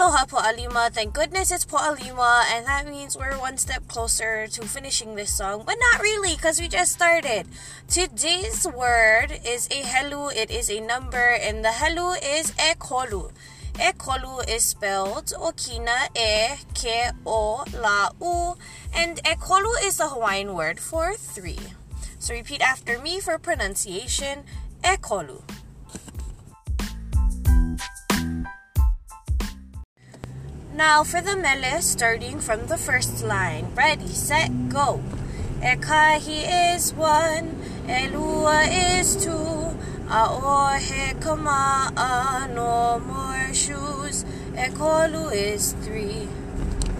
Aloha Po'alima. Thank goodness it's Po'alima, and that means we're one step closer to finishing this song, but not really because we just started. Today's word is a helu, it is a number, and the helu is ekolu. Ekolu is spelled Okina e ke o la u, and ekolu is the Hawaiian word for three. So repeat after me for pronunciation ekolu. Now for the melee, starting from the first line. Ready, set, go. Ekahi is one, Elua is two, Aohe Kama'a no more shoes, Ekolu is three.